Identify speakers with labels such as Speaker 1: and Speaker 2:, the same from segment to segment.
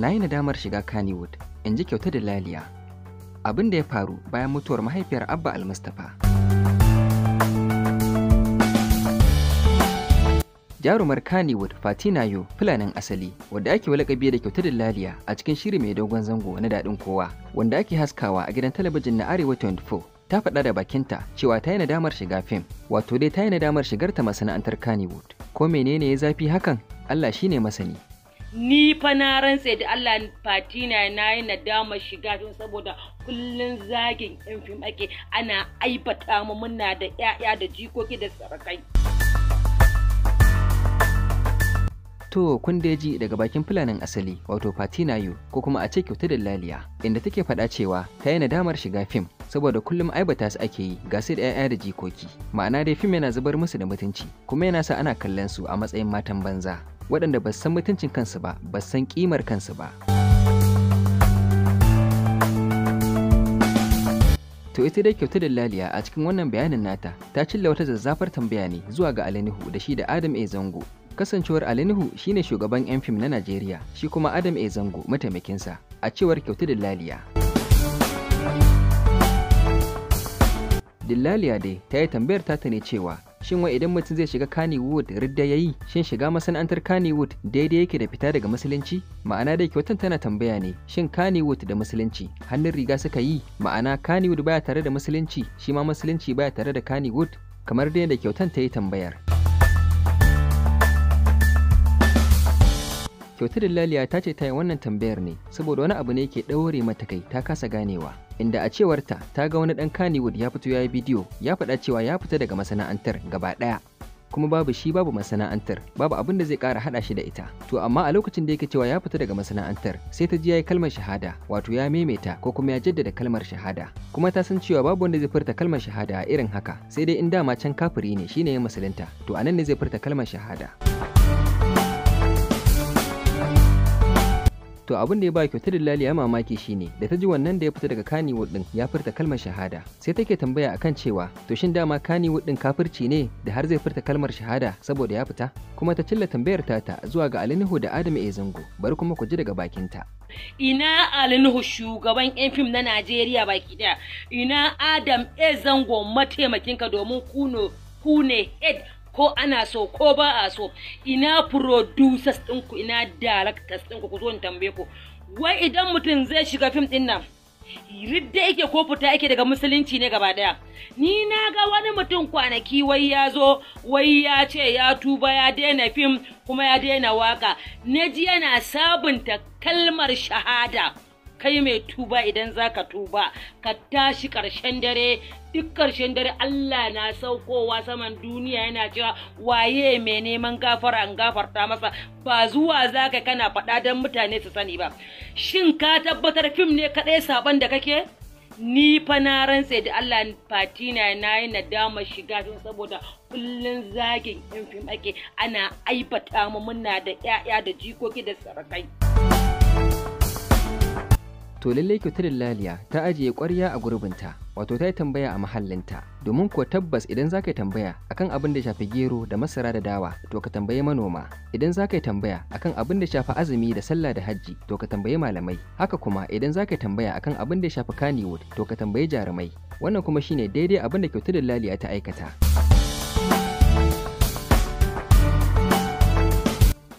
Speaker 1: na yi nadamar shiga Kannywood, in ji kyauta da laliya. Abin da ya faru bayan mutuwar mahaifiyar Abba al Almustapha. Jarumar Kannywood Fatina Yo Fulanin asali wadda ake walakabi da kyauta da laliya a cikin shiri mai dogon zango na daɗin kowa wanda ake haskawa a gidan talabijin na Arewa 24 ta faɗa da bakinta cewa ta yi nadamar shiga fim wato dai ta yi nadamar shigarta masana'antar Kannywood ko menene ya zafi hakan Allah shine masani
Speaker 2: ni fa na rantse da Allah fatina na yi nadama shiga tun saboda kullun zagin yan fim ake ana aibata mu muna da 'ya'ya da jikoki da sarakai
Speaker 1: To kun da ji daga bakin fulanin asali wato Fatina Yu ko kuma a ce kyauta da laliya inda take faɗa cewa ta yi nadamar shiga fim saboda kullum aibata su ake yi ga su da 'ya'ya da jikoki ma'ana dai fim yana zubar musu da mutunci kuma yana sa ana kallon su a matsayin matan banza waɗanda ba san mutuncin kansu ba ba san ƙimar kansu ba to ita dai kyauta laliya a cikin wannan bayanin nata ta cilla wata zazzafar tambaya ne zuwa ga alinihu da shi da adam a zango kasancewar alinihu ne shugaban yan fim na najeriya shi kuma adam a zango mataimakinsa a cewar kyauta laliya. dillaliya dai ta yi tambayar tata ne cewa shin wai idan mutum zai shiga Kannywood ridda yayi shin shiga masana'antar Kannywood daidai yake da fita daga musulunci ma'ana dai kyautan tana tambaya ne shin Kannywood da musulunci hannun riga suka yi ma'ana Kannywood baya tare da musulunci shi ma musulunci baya tare da Kannywood kamar dai da kyautan ta yi tambayar kyautar laliya ta ce ta yi wannan tambayar ne saboda wani abu ne ke ɗaure mata kai ta kasa ganewa inda a cewarta ta ga wani ɗan Kannywood ya fito ya yi bidiyo ya faɗa cewa ya fita daga masana'antar gaba ɗaya. kuma babu shi babu masana'antar babu abin da zai kara haɗa shi da ita to amma a lokacin da yake cewa ya fita daga masana'antar sai ta ji yayi kalmar shahada wato ya maimaita ko kuma ya jaddada kalmar shahada kuma ta san cewa babu wanda zai furta kalmar shahada a irin haka sai dai in dama can kafiri ne shine ya musulunta to anan ne zai furta kalmar shahada To abin da ya ba kyautar Lali ya mamaki shi ne da ta ji wannan da ya fita daga kani din ya furta kalmar shahada. Sai take tambaya akan cewa to shin dama kani din kafirci ne da har zai furta kalmar shahada saboda ya fita? Kuma ta cilla tambayar tata zuwa ga Alinuhu da Adam Ezango. Bari kuma ku ji daga bakinta.
Speaker 2: Ina Alinuhu shugaban yan fim na Najeriya baki daya. Ina Adam Ezango ka domin kuno kune head ko ana so ko ba a so ina producers ɗinku ina directors ɗinku ku zo in tambaye ku wai idan mutum zai shiga fim ɗin nan ridda yake ko fita yake daga musulunci ne gaba daya ni na ga wani mutum kwanaki wai ya zo wai ya ce ya tuba ya daina fim kuma ya daina waka na ji yana sabunta kalmar shahada kai mai tuba idan za ka tuba ka tashi ƙarshen dare duk ƙarshen dare Allah na saukowa saman duniya yana cewa waye mai neman gafara an gafarta masa ba zuwa za ka kana faɗa don mutane su sani ba shin ka tabbatar fim ne kaɗai saban da kake ni fa na rantse da Allah fatina na yi nadama shiga don saboda kullun zagin yan fim ake ana aibata mu muna da 'ya'ya da jikoki da sarakai.
Speaker 1: To lallai kyautar laliya ta ajiye ƙwarya a gurbinta, wato ta yi tambaya a mahallinta. Domin kuwa tabbas idan za ka yi tambaya akan abin da shafi gero da masara da dawa, to ka tambayi manoma. Idan za ka yi tambaya akan abin da shafi azumi da sallah da hajji, to ka tambayi malamai. Haka kuma idan za ka yi tambaya akan abin da shafi kaniwood to ka tambayi jarumai. Wannan kuma shine daidai abin da kyautar laliya ta aikata.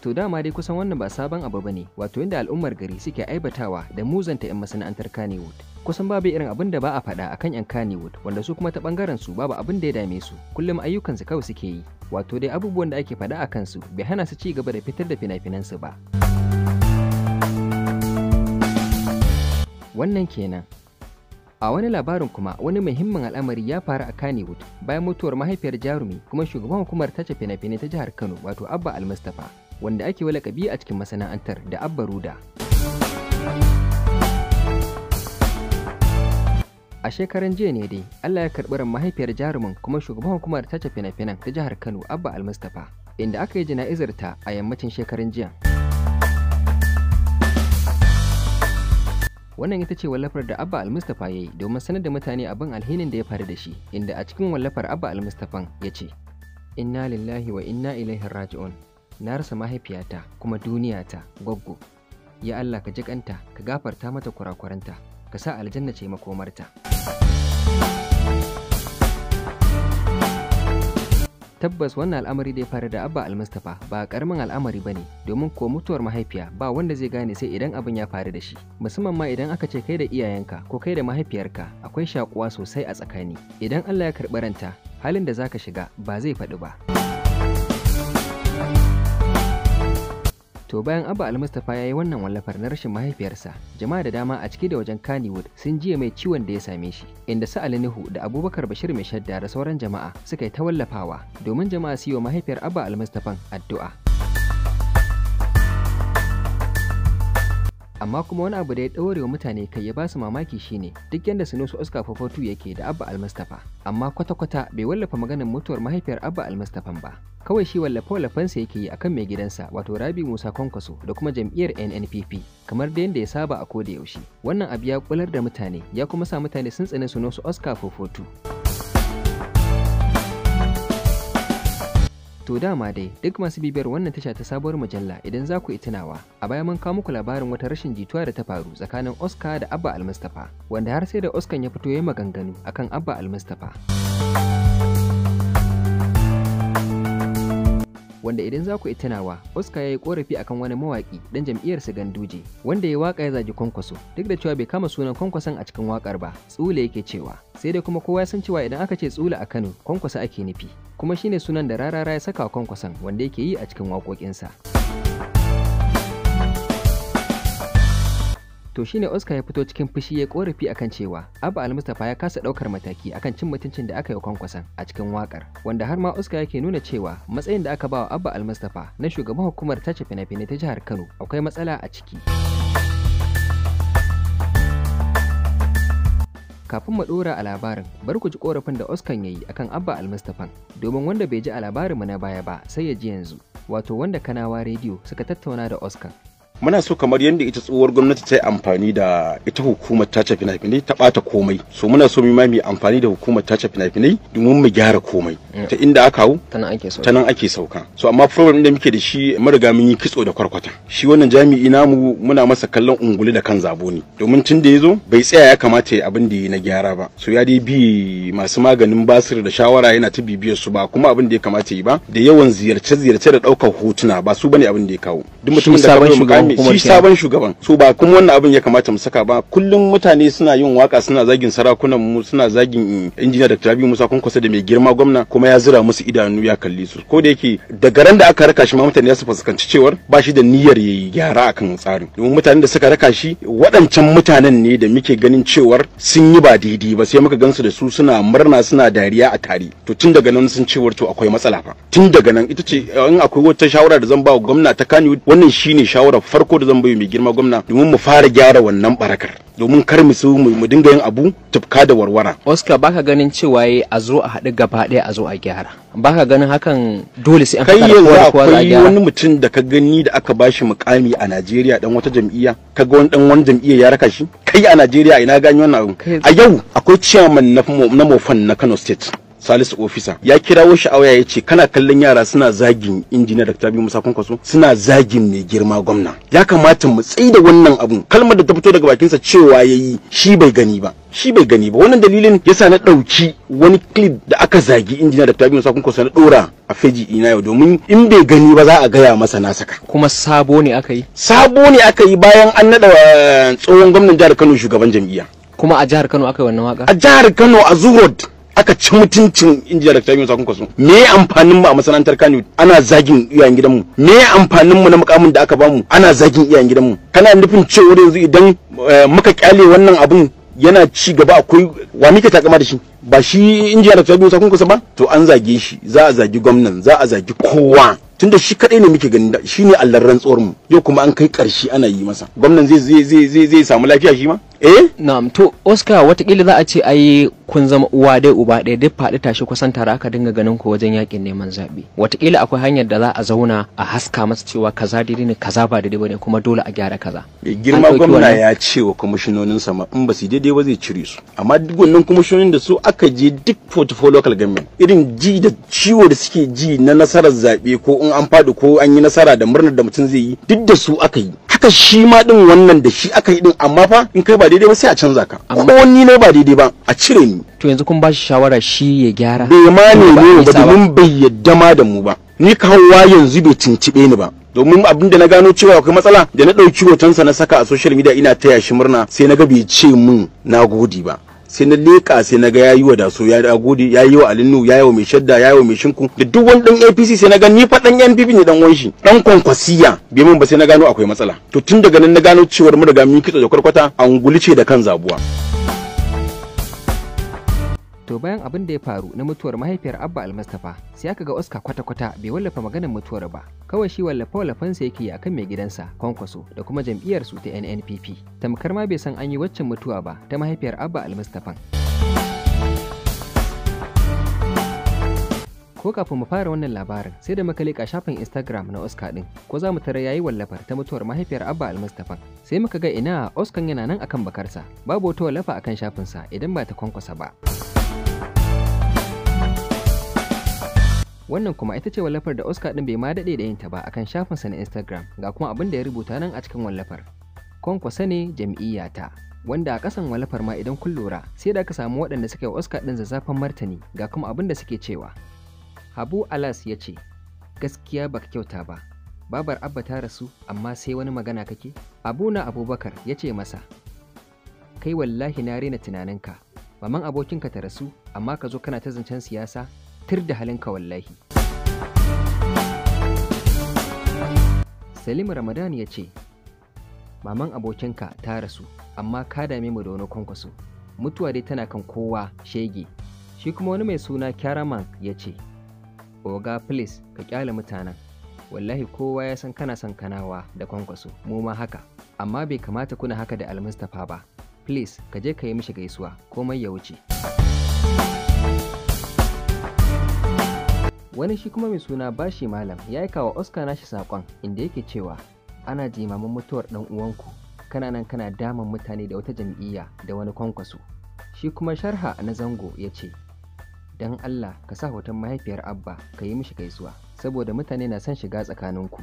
Speaker 1: To dama dai kusan wannan ba sabon abu bane, wato inda al'ummar gari suke aibatawa da muzanta 'yan masana'antar Kannywood. Kusan babu irin abin da ba a faɗa akan 'yan Kannywood, wanda su kuma ta bangaren su babu abin da ya dame su, kullum ayyukansu kawai suke yi. Wato dai abubuwan da ake faɗa a kansu bai hana su ci gaba da fitar da fina su ba. Wannan kenan. A wani labarin kuma wani muhimmin al'amari ya faru a Kannywood bayan mutuwar mahaifiyar jarumi kuma shugaban hukumar tace fina-finai ta jihar Kano wato Abba Almustapha. wanda ake walakabi a cikin masana'antar da Abba Ruda. A shekaran jiya ne dai, Allah ya karɓi ran mahaifiyar jarumin kuma shugaban hukumar tace fina-finan ta jihar Kano Abba Almustafa inda aka yi jana'izar ta a yammacin shekaran jiya. Wannan ita ce wallafar da Abba almustafa ya yi domin sanar da mutane abin alhinin da ya faru da shi, inda a cikin wallafar Abba Almustaphan ya ce, Inna lillahi wa inna ilaihi raji'un. na rasa mahaifiyata kuma duniyata gwaggo ya Allah ka jikanta ka gafarta mata kurakuranta ka sa aljanna ce makomarta tabbas wannan al'amari da ya faru da abba almustapha ba karamin al'amari ba ne, domin ko mutuwar mahaifiya ba wanda zai gane sai idan abin ya faru da shi musamman ma idan aka ce kai da iyayenka ko kai da mahaifiyarka akwai shakuwa sosai a tsakani idan Allah ya karɓi ranta halin da za ka shiga ba zai faɗi ba To bayan Abba Almustapha ya yi wannan wallafar na rashin mahaifiyarsa, jama'a da dama a ciki da wajen Kannywood sun jiya mai ciwon da ya same shi, inda su Ali Nuhu da Abubakar Bashir mai shadda da sauran jama'a suka yi ta wallafawa domin jama'a su yi wa mahaifiyar Abba Almustapha addu'a. amma kuma wani abu da ya ɗaure mutane kai ya basu mamaki shine duk yadda nusu Oscar Fofotu yake da Abba Almustapha amma kwata-kwata bai wallafa maganar mutuwar mahaifiyar Abba Almustapha ba kawai shi wallafa wallafansa yake yi akan mai gidansa wato Rabi Musa Kwankwaso da kuma jam'iyyar NNPP kamar da yadda ya saba a koda yaushe wannan abu ya kular da mutane ya kuma sa mutane sun tsane nusu Oscar Fofotu. To dama dai duk masu bibiyar wannan tasha ta sabuwar mujalla idan za ku tunawa a baya mun kawo muku labarin wata rashin jituwa da ta faru tsakanin Oscar da Abba Almustafa wanda har sai da Oscar ya fito ya maganganu akan Abba Almustafa. wanda idan za ku yi tunawa Oscar ya yi korafi akan wani mawaƙi dan jam'iyyarsa Ganduje wanda ya waka ya zagi kwankwaso duk da cewa bai kama sunan kwankwason a cikin wakar ba tsule yake cewa sai dai kuma kowa ya san cewa idan aka ce tsule a Kano kwankwaso ake nufi kuma shine sunan da rarara ya saka kwankwason wanda yake yi a cikin waƙoƙinsa. to shine Oscar ya fito cikin fushi ya korafi akan cewa Abba Almustafa ya kasa daukar mataki akan cin mutuncin da aka yi kwankwasan a cikin wakar wanda har ma Oscar yake nuna cewa matsayin da aka ba wa Abba Almustafa na shugaban hukumar tace fina-finai ta jihar Kano akwai matsala a ciki. kafin mu dora a labarin bar ku ji korafin da Oscar ya yi akan Abba Almustafa domin wanda bai ji a labarin mu na baya ba sai ya ji yanzu wato wanda Kanawa Radio suka tattauna da Oscar
Speaker 3: muna so kamar yadda ita tsohuwar gwamnati ta yi amfani da ita hukumar tace fina-finai ta bata komai so muna so mu ma mu amfani da hukumar tace fina-finai domin mu gyara komai ta inda aka hau ta nan ake sauka so amma problem da muke da shi mariga mun yi kitso da kwarkwata shi wannan jami'i namu muna masa kallon ungulu da kan zabo ne domin tun da ya zo bai tsaya ya kamata ya abin da ya na gyara ba so ya dai bi masu maganin basir da shawara yana ta bibiyar su ba kuma abin da ya kamata yi ba da yawan ziyarce-ziyarce da ɗaukar hotuna ba su bane abin da ya kawo duk mutumin da shi sabon shugaban su ba kuma wannan abin ya kamata mu saka ba kullum mutane suna yin waka suna zagin sarakunan mu suna zagin injiniya Dr. Rabi Musa Kwankwaso da mai girma gwamna kuma ya zira musu idanu ya kalli su ko da yake daga ran da aka raka shi ma mutane su fuskanci cewar ba shi da niyyar yayi gyara akan tsarin domin mutanen da suka raka shi waɗancan mutanen ne da muke ganin cewar sun yi ba daidai ba sai muka gansu da su suna murna suna dariya a tare to tun daga nan sun cewar to akwai matsala fa tun daga nan ita ce in akwai wata shawara da zan ba wa gwamna ta Kano wannan shine shawara farko da zan bayu mai girma gwamna domin mu fara gyara wannan barakar domin kar mu mu dinga yin abu tufka da warwara.
Speaker 1: Oscar baka ganin cewa eh, a zo a haɗu gaba ɗaya a zo a gyara. Baka ganin hakan dole sai an kai yanzu akwai wani
Speaker 3: mutum da ka gani da aka bashi mukami a Najeriya dan wata jam'iyya ka ga wani dan wani jam'iyya ya raka shi kai a Najeriya ina gani wannan abu. A yau akwai chairman na mofan na Kano State Salisu ofisa ya kirawo shi ya ce kana kallon yara suna zagin injiniya da Tabi Musa Kwankwaso suna zagin mai girma gwamna ya kamata mu tsayi da wannan abu kalmar da ta fito daga bakinsa cewa ya yi shi bai gani ba shi bai gani ba wannan dalilin ya sa na ɗauki wani clip da aka zagi injiniya da Tabi Musa Kwankwaso na ɗora a feji ina yau domin in bai gani ba za a gaya masa na saka kuma sabo ne aka yi sabo ne aka yi bayan an naɗa eh, tsohon gwamnan jihar Kano shugaban jam'iyya
Speaker 1: kuma a jihar Kano aka yi wannan waka a jihar Kano
Speaker 3: a Zurod aka ci mutuncin injiyar da yi sakon kwaso me amfanin mu a masana'antar kano ana zagin iyayen gidanmu me amfanin mu na mukamin da aka bamu ana zagin iyayen gidanmu kana nufin cewa yanzu idan eh, muka kyale wannan abun yana ci gaba akwai wa muke takama da shi ba shi injiyar da yi sakon kwaso ba to an zage shi za a zagi gwamnan za a zagi kowa tunda shi kadai ne muke ganin shi ne allar tsoron mu yau kuma an kai karshe ana yi masa gwamnan zai zai zai zai samu lafiya shi ma
Speaker 1: eh na'am to oscar watakila za a ce ai kun zama uwa dai uba ɗaya duk faɗi tashi kusan tare aka dinga ganin ku wajen yakin neman zaɓe wataƙila akwai hanyar da za a zauna a haska masa cewa kaza daidai ne kaza ba daidai bane kuma dole a gyara kaza girma gwamna ya
Speaker 3: ce wa kwamishinonin sama in ba su daidai ba zai cire su amma duk wannan kwamishinonin da su aka je duk portfolio local government irin ji da ciwo da suke ji na nasarar zaɓe ko in an faɗi ko an yi nasara da murnar da mutum zai yi duk da su aka yi haka shi ma din wannan da shi aka yi din amma fa in kai ba daidai ba sai a canza ka ko ni ne ba daidai ba a cire ni
Speaker 1: to yanzu kun ba shi shawara shi ya gyara bai ma ne ba domin
Speaker 3: bai yadda ma da mu ba ni ka hawa yanzu bai cincibe ni ba domin abin da na gano cewa akwai matsala da na ɗauki hotonsa na saka a social media ina taya shi murna sai na ga bai ce min na gode ba sai na leƙa sai na ga yayi wa daso ya da gode yayi wa alinnu yayi wa mai shadda yayi wa mai shinku da duk wani dan APC sai na ga ni fa dan NPP ne dan wanshi ɗan kwankwasiya bai mun ba sai na gano akwai matsala to tun daga nan na gano cewa mu riga mun kitso da kwarkwata an ce da kan zabuwa
Speaker 1: to bayan abin da ya faru na mutuwar mahaifiyar abba almustafa sai aka ga oscar kwata-kwata bai wallafa maganar mutuwar ba kawai shi wallafa wallafansa yake yi akan mai gidansa kwankwaso da kuma jam'iyyar su ta nnpp tamkar ma bai san an yi waccan mutuwa ba ta mahaifiyar abba almustapha ko kafin mu fara wannan labarin sai da muka leƙa shafin instagram na oscar din ko za mu ya yayi wallafar ta mutuwar mahaifiyar abba almustaphan sai muka ga ina oscar yana nan akan bakarsa babu wata wallafa akan shafinsa idan ba ta kwankwasa ba Wannan kuma ita ce wallafar da Oscar ɗin bai ma daɗe da yinta ba akan shafinsa na Instagram ga kuma abin da ya rubuta nan a cikin wallafar. Kwankwasa ne jam'iyyata. Wanda a kasan wallafar ma idan kun lura sai da aka samu waɗanda suka yi Oscar ɗin zazzafan martani ga kuma abin da suke cewa. Habu Alas ya ce, Gaskiya baka kyauta ba, babar Abba ta rasu amma sai wani magana kake? Abuna Abubakar ya ce masa, Kai wallahi na rena tunaninka, maman abokinka ta rasu amma ka zo kana ta zancen siyasa tir da halinka wallahi salimu ramadan ya ce maman abokinka ta rasu amma ka dame mu da wani kwankwaso mutuwa dai tana kan kowa shege shi kuma wani mai suna kyaraman ya ce oga please ka kyale mutanen wallahi kowa ya san kana son kanawa da kwankwaso mu ma haka amma bai kamata kuna haka da almustapha ba please ka je ka yi mishi gaisuwa komai ya wuce wani shi kuma mai suna bashi malam ya aika wa oscar nashi saƙon inda yake cewa ana jimamin mutuwar ɗan uwanku kana nan kana damun mutane da wata jam'iyya da wani kwankwaso shi kuma sharha na zango ya ce don allah ka sa hoton mahaifiyar abba ka yi mishi gaisuwa saboda mutane na son shiga tsakaninku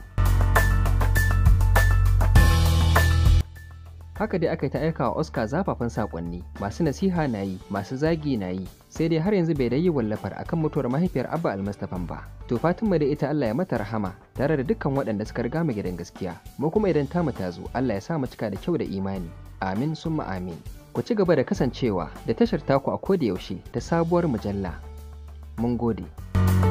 Speaker 1: haka dai aka yi ta aika wa oscar zafafan saƙonni masu nasiha na yi masu zagi na yi sai dai har yanzu bai da yi wallafar akan mutuwar mahaifiyar Abba Almustafan ba. To Fatima da ita Allah ya mata rahama tare da dukkan waɗanda suka riga mu gidan gaskiya. Mu kuma idan ta ta zo Allah ya sa mu cika da kyau da imani. Amin summa amin. Ku ci gaba da kasancewa da tashar taku a koda yaushe ta sabuwar mujalla. Mun gode.